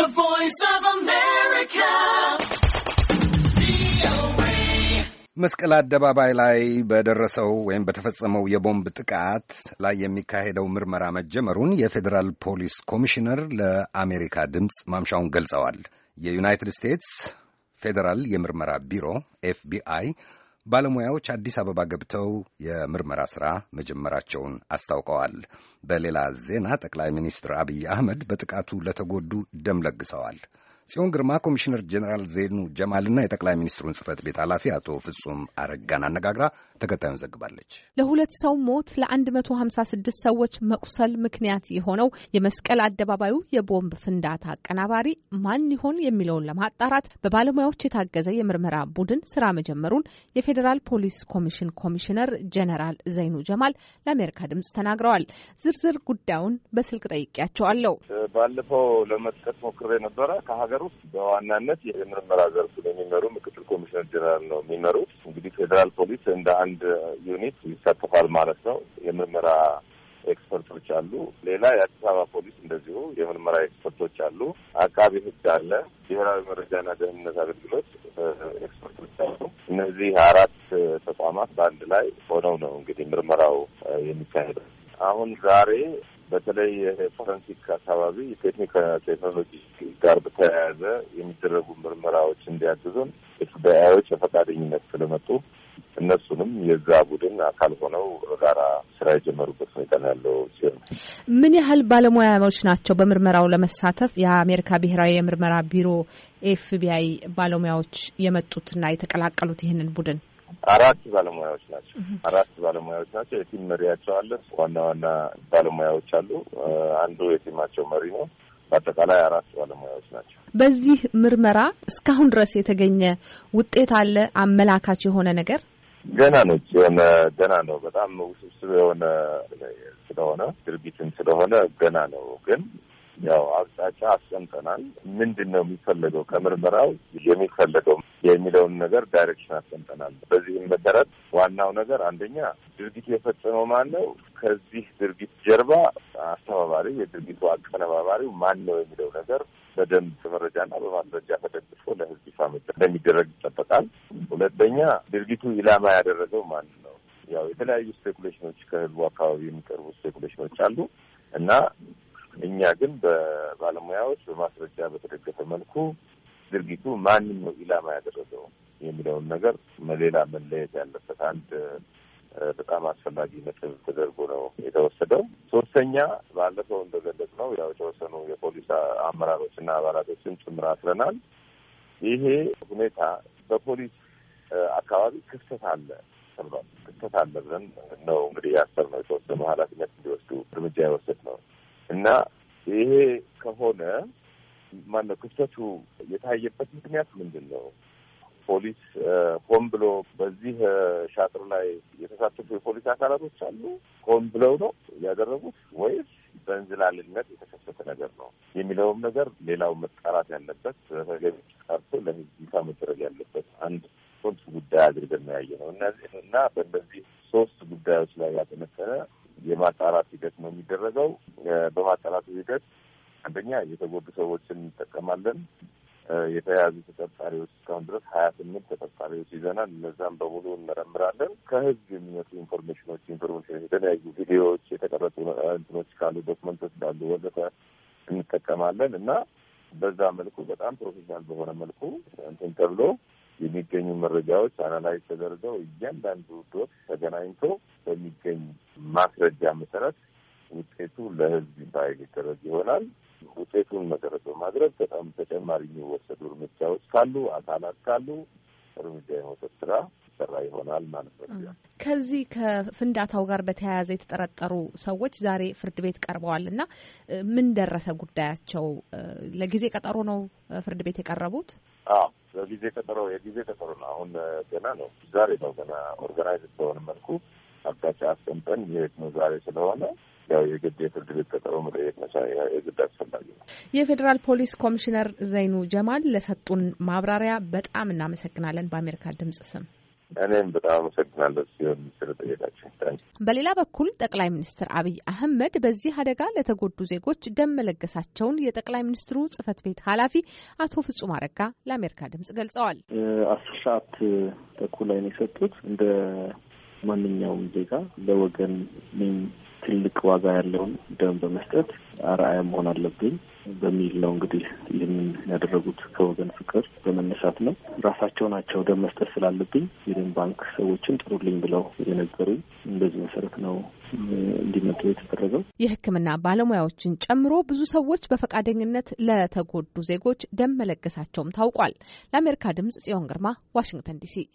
The Voice of America. መስቀል አደባባይ ላይ በደረሰው ወይም በተፈጸመው የቦምብ ጥቃት ላይ የሚካሄደው ምርመራ መጀመሩን የፌዴራል ፖሊስ ኮሚሽነር ለአሜሪካ ድምፅ ማምሻውን ገልጸዋል። የዩናይትድ ስቴትስ ፌዴራል የምርመራ ቢሮ ኤፍቢአይ ባለሙያዎች አዲስ አበባ ገብተው የምርመራ ስራ መጀመራቸውን አስታውቀዋል። በሌላ ዜና ጠቅላይ ሚኒስትር አብይ አህመድ በጥቃቱ ለተጎዱ ደም ለግሰዋል። ጽዮን ግርማ ኮሚሽነር ጀኔራል ጀማል ጀማልና የጠቅላይ ሚኒስትሩን ጽህፈት ቤት ኃላፊ አቶ ፍጹም አረጋን አነጋግራ ተከታዩን ዘግባለች። ለሁለት ሰው ሞት ለ156 ሰዎች መቁሰል ምክንያት የሆነው የመስቀል አደባባዩ የቦምብ ፍንዳታ አቀናባሪ ማን ይሆን የሚለውን ለማጣራት በባለሙያዎች የታገዘ የምርመራ ቡድን ስራ መጀመሩን የፌዴራል ፖሊስ ኮሚሽን ኮሚሽነር ጀኔራል ዘይኑ ጀማል ለአሜሪካ ድምጽ ተናግረዋል። ዝርዝር ጉዳዩን በስልክ ጠይቄያቸዋለሁ። ባለፈው ለመጥቀስ ሞክሬ ነበረ ከሀገር ሀገር ውስጥ በዋናነት የምርመራ ዘርፉን የሚመሩ ምክትል ኮሚሽነር ጀነራል ነው የሚመሩት። እንግዲህ ፌዴራል ፖሊስ እንደ አንድ ዩኒት ይሳተፋል ማለት ነው። የምርመራ ኤክስፐርቶች አሉ። ሌላ የአዲስ አበባ ፖሊስ እንደዚሁ የምርመራ ኤክስፐርቶች አሉ። አቃቢ ሕግ አለ። ብሔራዊ መረጃና ደህንነት አገልግሎት ኤክስፐርቶች አሉ። እነዚህ አራት ተቋማት በአንድ ላይ ሆነው ነው እንግዲህ ምርመራው የሚካሄደው። አሁን ዛሬ በተለይ የፎረንሲክ አካባቢ የቴክኒካ ቴክኖሎጂ ጋር በተያያዘ የሚደረጉ ምርመራዎች እንዲያግዙን ኤፍቢአዮች በፈቃደኝነት ስለመጡ እነሱንም የዛ ቡድን አካል ሆነው በጋራ ስራ የጀመሩበት ሁኔታ ነው ያለው ሲሆን ምን ያህል ባለሙያዎች ናቸው በምርመራው ለመሳተፍ የአሜሪካ ብሔራዊ የምርመራ ቢሮ ኤፍቢአይ ባለሙያዎች የመጡትና የተቀላቀሉት ይህንን ቡድን? አራት ባለሙያዎች ናቸው። አራት ባለሙያዎች ናቸው። የቲም መሪያቸው አለ። ዋና ዋና ባለሙያዎች አሉ። አንዱ የቲማቸው መሪ ነው። በአጠቃላይ አራት ባለሙያዎች ናቸው። በዚህ ምርመራ እስካሁን ድረስ የተገኘ ውጤት አለ? አመላካች የሆነ ነገር ገና ነው። የሆነ ገና ነው። በጣም ውስብስብ የሆነ ስለሆነ ድርጊትን ስለሆነ ገና ነው ግን ያው አቅጣጫ አስቀምጠናል። ምንድን ነው የሚፈለገው ከምርመራው የሚፈለገው የሚለውን ነገር ዳይሬክሽን አስቀምጠናል። በዚህም መሰረት ዋናው ነገር አንደኛ ድርጊት የፈጸመው ማን ነው፣ ከዚህ ድርጊት ጀርባ አስተባባሪ፣ የድርጊቱ አቀነባባሪው ማን ነው የሚለው ነገር በደንብ መረጃና በማስረጃ ተደግፎ ለሕዝብ ይፋ እንደሚደረግ ይጠበቃል። ሁለተኛ ድርጊቱ ኢላማ ያደረገው ማን ነው? ያው የተለያዩ ስፔኩሌሽኖች ከህዝቡ አካባቢ የሚቀርቡ ስፔኩሌሽኖች አሉ እና እኛ ግን በባለሙያዎች በማስረጃ በተደገፈ መልኩ ድርጊቱ ማንም ነው ኢላማ ያደረገው የሚለውን ነገር ሌላ መለየት ያለበት አንድ በጣም አስፈላጊ ነጥብ ተደርጎ ነው የተወሰደው። ሶስተኛ ባለፈው እንደገለጽ ነው ያው የተወሰኑ የፖሊስ አመራሮች አመራሮችና አባላቶችን ጭምር አስረናል። ይሄ ሁኔታ በፖሊስ አካባቢ ክፍተት አለ ተብሏል። ክፍተት አለ ብለን ነው እንግዲህ ያሰብነው የተወሰኑ ኃላፊነት እንዲወስዱ እርምጃ የወሰድነው እና ይሄ ከሆነ ማነው ክፍተቱ የታየበት ምክንያት ምንድን ነው? ፖሊስ ሆን ብሎ በዚህ ሻጥር ላይ የተሳተፉ የፖሊስ አካላቶች አሉ። ሆን ብለው ነው ያደረጉት ወይስ በእንዝላልነት የተከሰተ ነገር ነው የሚለውም ነገር ሌላው መጣራት ያለበት በተገቢ ቀርቶ ለህዝብ ይፋ መደረግ ያለበት አንድ ሶስት ጉዳይ አድርገን ነው ያየ ነው እና በእነዚህ ሶስት ጉዳዮች ላይ ያጠነጠነ የማጣራት ሂደት ነው የሚደረገው። በማጣራቱ ሂደት አንደኛ የተጎዱ ሰዎችን እንጠቀማለን። የተያዙ ተጠርጣሪዎች እስካሁን ድረስ ሀያ ስምንት ተጠርጣሪዎች ይዘናል። እነዛም በሙሉ እንመረምራለን። ከህዝብ የሚመጡ ኢንፎርሜሽኖች ኢንፎርሜሽኖች፣ የተለያዩ ቪዲዮዎች፣ የተቀረጹ እንትኖች ካሉ፣ ዶክመንቶች ካሉ ወዘተ እንጠቀማለን እና በዛ መልኩ በጣም ፕሮፌሽናል በሆነ መልኩ እንትን ተብሎ የሚገኙ መረጃዎች አናላይዝ ተደርገው እያንዳንዱ ዶት ተገናኝቶ በሚገኝ ማስረጃ መሰረት ውጤቱ ለህዝብ ይፋ የሚደረግ ይሆናል። ውጤቱን መሰረት በማድረግ በጣም ተጨማሪ የሚወሰዱ እርምጃዎች ካሉ አካላት ካሉ እርምጃ የመውሰድ ስራ ይሰራ ይሆናል ማለት ነው። ከዚህ ከፍንዳታው ጋር በተያያዘ የተጠረጠሩ ሰዎች ዛሬ ፍርድ ቤት ቀርበዋል እና ምን ደረሰ ጉዳያቸው? ለጊዜ ቀጠሮ ነው ፍርድ ቤት የቀረቡት። በጊዜ ቀጠሮ የጊዜ ቀጠሮ ነው። አሁን ገና ነው፣ ዛሬ ነው ገና ኦርጋናይዝ በሆነ መልኩ አቅጣጫ አስቀምጠን የት ነው ዛሬ ስለሆነ ያው የግድ የፍርድ ቤት ቀጠሮ መጠየቅ መሳ የግድ አስፈላጊ ነው። የፌዴራል ፖሊስ ኮሚሽነር ዘይኑ ጀማል ለሰጡን ማብራሪያ በጣም እናመሰግናለን በአሜሪካ ድምጽ ስም። እኔም በጣም አመሰግናለሁ ሲሆን ስለጠየቃቸው። በሌላ በኩል ጠቅላይ ሚኒስትር አብይ አህመድ በዚህ አደጋ ለተጎዱ ዜጎች ደም መለገሳቸውን የጠቅላይ ሚኒስትሩ ጽህፈት ቤት ኃላፊ አቶ ፍጹም አረጋ ለአሜሪካ ድምጽ ገልጸዋል። አስር ሰዓት ተኩል ላይ ነው የሰጡት እንደ ማንኛውም ዜጋ ለወገን ትልቅ ዋጋ ያለውን ደም በመስጠት አርአያ መሆን አለብኝ በሚል ነው እንግዲህ ይህንን ያደረጉት ከወገን ፍቅር በመነሳት ነው። ራሳቸው ናቸው ደም መስጠት ስላለብኝ የደም ባንክ ሰዎችን ጥሩልኝ ብለው የነገሩኝ። እንደዚህ መሰረት ነው እንዲመጡ የተደረገው። የሕክምና ባለሙያዎችን ጨምሮ ብዙ ሰዎች በፈቃደኝነት ለተጎዱ ዜጎች ደም መለገሳቸውም ታውቋል። ለአሜሪካ ድምጽ ጽዮን ግርማ ዋሽንግተን ዲሲ